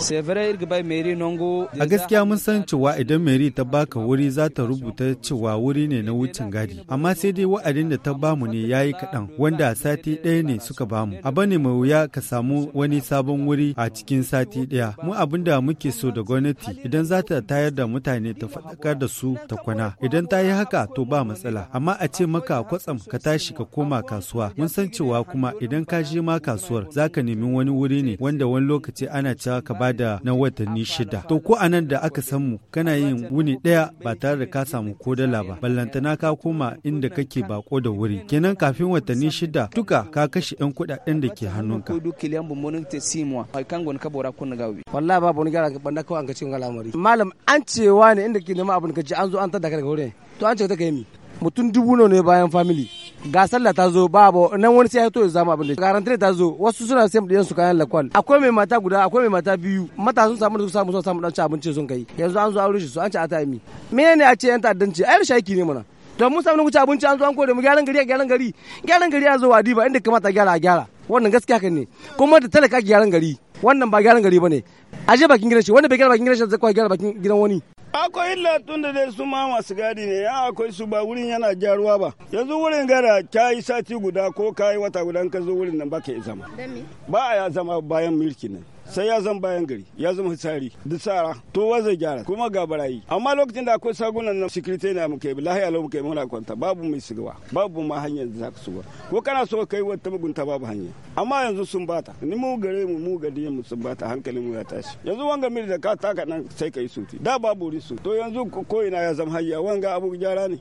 A gaskiya mun san cewa idan Mary ta baka wuri za ta rubuta cewa wuri ne na wucin gadi, amma sai dai wa'adin da ta bamu ne ya yi kaɗan wanda sati ɗaya ne suka bamu. Aba ne mai wuya ka samu wani sabon wuri a cikin sati ɗaya. Mu abin da muke so da gwamnati idan za ta tayar da mutane ta faɗakar da su ta kwana. Idan ta yi haka to ba matsala, amma a ce maka kwatsam ka tashi ka koma kasuwa. Mun san cewa kuma idan ka je ma kasuwar za ka nemi wani wuri ne wanda wani lokaci ana cewa ka ba bada na watanni shida to ko anan da aka samu kana yin wuni ɗaya ba tare da ka samu ko dala ba ballantana ka koma inda kake bako da wuri kenan kafin watanni shida duka ka kashe yan kuɗaɗen da ke hannunka wallahi babu wani gara banda kawai an ka cikin al'amari malam an cewa ne inda ke neman abin ka ji an zo an tada daga wurin to an ce ta kai mi mutum dubu ne bayan family ga sallah ta zo babu nan wani sai ya to ya zama abin da garantir ta zo wasu suna sai mu su kayan lakwal akwai mai mata guda akwai mai mata biyu mata sun samu da su samu sun samu dan ci abinci sun kai yanzu an zo aure shi su an ci a tami menene a ce yan ta'addanci ai shaki ne mana don mun samu ci abinci an zo an kore mu gyaran gari a gyaran gari gyaran gari an zo wa diba inda kamata gyara a gyara wannan gaskiya kan ne kuma da talaka gyaran gari wannan ba gyaran gari bane aje bakin gidan shi wanda bai gyara bakin gidan shi zai kwa gyara bakin gidan wani akwai illa tun da dai su ma masu gadi ne ya akwai su ba wurin yana jaruwa ba yanzu wurin gara ka yi sati guda ko ka yi wata guda ka zo wurin nan ba ka yi zama ba a ya zama bayan mulki ne sai ya zan bayan gari ya zama hitsari da tsara to wa zai gyara kuma ga barayi amma lokacin da akwai sagunan na sikirite na muke bi lahiya lau muke muna kwanta babu mai sigawa babu ma hanyar da za ka suwa ko kana so kai wata mugunta babu hanya amma yanzu sun bata ni mu gare mu mu gari mu sun bata hankalin mu ya tashi yanzu wanga mil da ka taka nan sai kai suti da babu risu to yanzu ko ina ya zama hayya wanga abu gyara ne